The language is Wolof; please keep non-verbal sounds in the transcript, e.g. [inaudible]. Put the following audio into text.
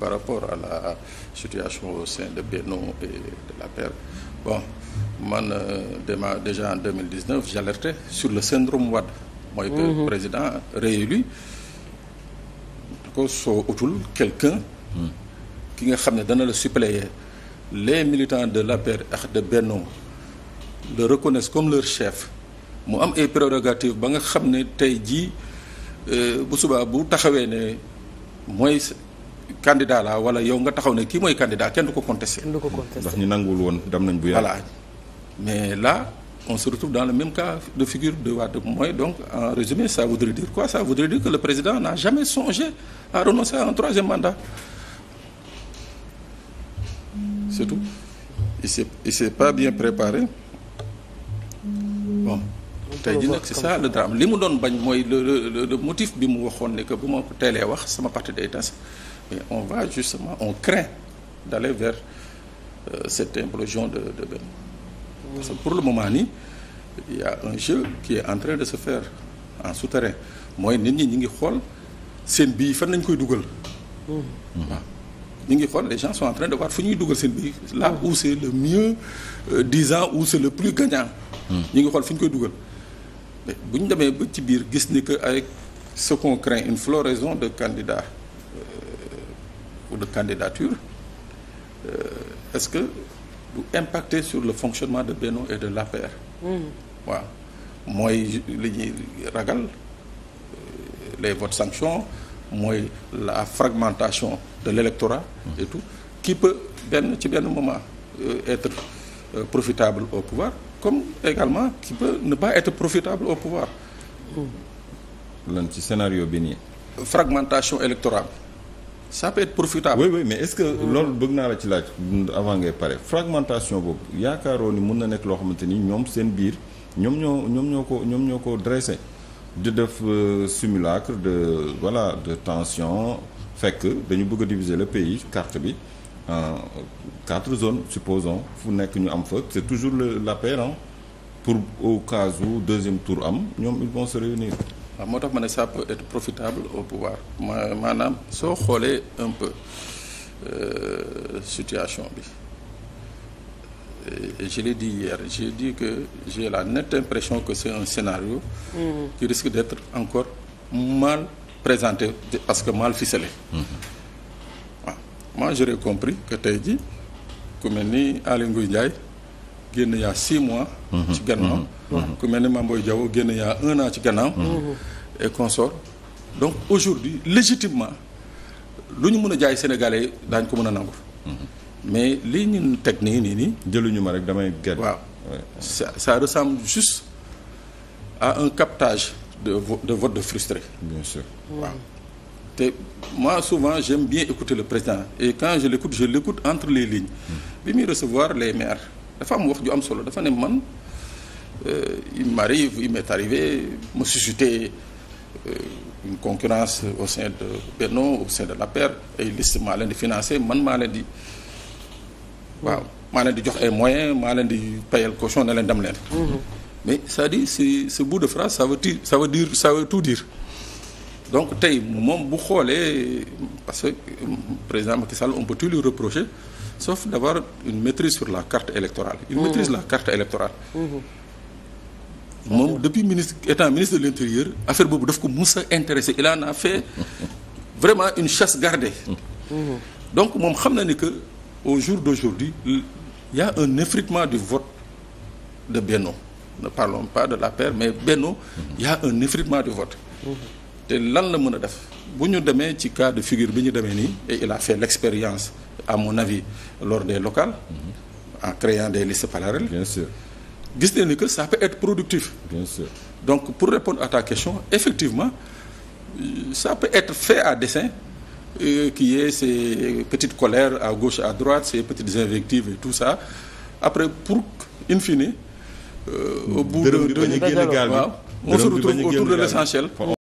par rapport à la situation au sein de Benno et de la paire bon man euh, dema déjà en 2019 j'alertais sur le syndrome Wade mooy que mhm. président réélu da ko soo utul quelqu'un hmm. ki nga xam ne dana la suppléer les militants de la paire ak de Benno le reconnaissent comme leur chef mu am ay prérogatives ba nga xam ne tey jii euh, bu subaa bu taxawee ne mooy candidat la wala yow nga taxaw ne kii mooy candidat kenn du ko contesté. kenn du ko contesté ndax ñu nanguwul woon dem nañ bu la voilà mais là on se retrouve dans le même cas de figure de Wade mooy donc en résumé ça voudrait dire quoi ça voudrait dire que le président n'a jamais songé à renoncer à un troisième mandat c'est il s'est pas bien préparé bon. tey ji nag c'est ça le drame li mu doon bañ mooy le le motif bi mu waxoon ne que bu ma ko teelee wax sama parti day tas mais on va justement on craint d'aller vers euh, cette implosion de de parce que pour le moment nii il y a un jeu qui est en train de se faire en souterrain mooy nit ñi ñu ngi xool seen bii fan nañ koy dugal mmh. waaw ñu ngi xool les gens sont en train de voir fu ñuy dugal seen bii là mmh. où c'est le mieux euh, disant où c'est le plus gagnant mmh. ñu ngi xool fu ñu koy dugal bu ñu demee ba ci biir gis ni que avec ce qu'on craint une floraison de candidats euh, ou de candidatures euh, est-ce que du impacter sur le fonctionnement de Benno et de l'APR mm. waaw mooy li ñuy ragal euh, les votes sanctions mooy la fragmentation de l'électorat et tout peut benn ci benn moment être profitable au pouvoir comme également qui peut ne pas être profitable ci scénario bi nii. fragmentation électorale ça peut profitable. oui oui mais est-ce que loolu bëgg naa la ci laaj avant ngay pare fragmentation boobu yaakaaroo ni mun na nekk loo xamante ni ñoom seen biir ñoom ñoo ñoom ñoo ko ñoom ñoo ko dressé di def euh, simulacre de voilà de tension fekk dañu bëgg a diviser le pays carte bi. Euh, quatre zones supposons fu nekk ñu am fa c'est toujours l'APR pour au cas ou deuxième tour am ñoom ils vont se réunir ah, moo tax ma ne ça peut être profitable au pouvoir ma maanaam soo xoolee un peu euh, situation bi et je l'ai dit hier j'ai dit que j'ai la nette impression que c'est un scénario mmh. qui risque d'être encore mal présenté parce que mal ficelé mm-hmm. moi j'aurais compris que tey ji ku mel ni Aly Ngouille Ndiaye génn yaa six mois mhm. ci gannaaw mhm. Mhm. ku mel ni Mame Boye Diao génn yaa un an ci gannaaw et consort donc aujourd'hui légitimement lu ñu mën a jaay sénégalais daañ ko mën a nangu mais lii ñun teg nii nii nii jëluñu ma rek damay gën waaw ça ça ressemble juste a un captage de de vote de frustré bien sûr waaw te moi souvent j'aime bien écouter le président et quand je l'écoute je l'écoute entre les lignes hmm. bi muy recevoir les maires dafa am wax ju am solo dafa ne man euh, il m'arrive il m'est arrivé me susciter euh, une concurrence au sein de Benno au sein de l'APR ay liste maa leen di financer man maa leen di waaw maa leen di jox ay moyens maa leen di payal caution ne leen dem leen hmm. mais c'est-à-dire ce bout de phrase ça veut dire ça veut dire ça veut tout dire donc tey moom bu xoolee parce que euh, président Macky Sall on peut tout lui reprocher sauf d'avoir une maîtrise sur la carte électorale il mmh. maîtrise la carte électorale mmh. moom depuis ministre étant ministre de l'intérieur affaire boobu daf ko mus a intéressé il en a fait [laughs] vraiment une chasse gardée mmh. Mmh. donc moom xam na ni que au jour d'aujourd'hui il y a un effritement du vote de Benno ne parlons pas de la paire mais Benno il y a un effritement du vote te lan la mën a def bu ñu demee ci cas de figure bi ñu demee nii et il a fait l'expérience à mon avis lors des local mm-hmm. en créant des listes parallèles gis nañ ni que ça peut être productif donc pour répondre à ta question effectivement sa peut être fait à dessein euh, qui est ces petites colères à gauche à droite ces petites invectives et tout ça après pour in fine euh, au mm-hmm. bout de, de, de, de waaw on se autour de l'essentiel